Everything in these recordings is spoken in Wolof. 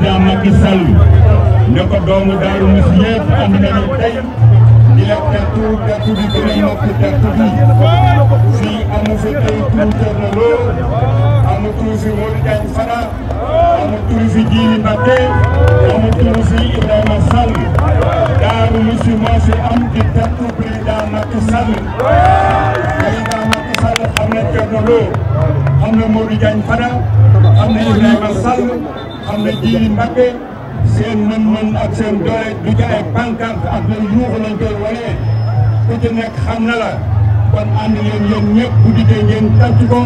président Macky ne ko doomu Daaru Muxti yëpp am nañu tey di la tertu tertu bi gën a yokk tertu bi fii amu fi tey tuuteer na lool amatul fi woon Diagne Fada amatul fi Djily Mbacké amatul fi Ibrahima Sall Daaru Muxti moo fi am di tertu président Macky Sall président Macky Sall xam na Thierno xam na Modou Diagne Fada xam na Ibrahima Sall xam na Djili Mbacké seen mën-mën ak seen doole du ca ay pancarte ak la yuuxu lañ koy wanee ku ci nekk xam na la kon ànd leen yéen ñëpp bu dikkee ngeen tàcc ko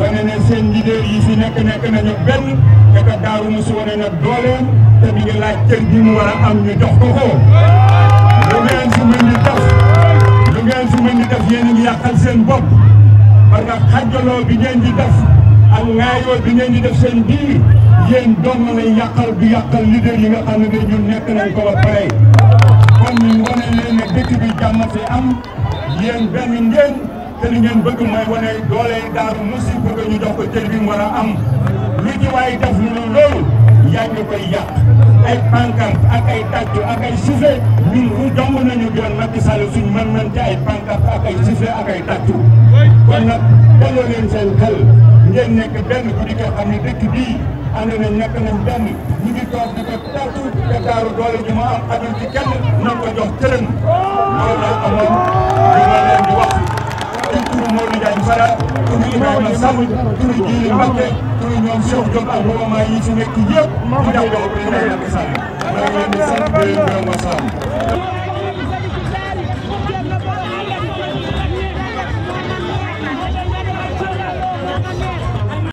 wane ne seen leader yi fi nekk nekk nañu benn te ka Darou Mouhty wane na dooleem te mi ngi laaj cër bi mu war a am ñu jox ko ko parce que bi ngeen di def ak ŋaayoo bi ngeen di def seen biir yéen doon lay yàqal du yàqal leader yi nga xam ne ñu nekk nañ ko ba pare. kon ñu wane leen ne dëkk bi jàmm fi am yéen benn ngeen te li ngeen bëgg mooy wane doole Daaru Muxti bëgg ñu jox ko cër bi mu war a am lu ci waay def lu loolu yaa ngi koy yàq. ay pancarte ak ay tàccu ak ay sifflet ñun jomb nañu gën Macky Sall suñu mën-mën ci ay pancarte ak ay sifflet ak ay tàccu. kon nag delloo leen seen xel ngeen nekk benn guddi ko xam ne dëkk bii ànd nañ nekk nañ benn ñu ngi toog di ko tàttu te taaru doole ji mu am xajul ci ko jox cërëm loolu daal amoon ñu ngi leen di wax ci turu Modou Diagne Fada turu Ibrahima Samb turu Djili Mbacke turu ñoom Cheikh Diop ak gouvernement yi fi nekk yëpp ñu jàppoo président Macky Sall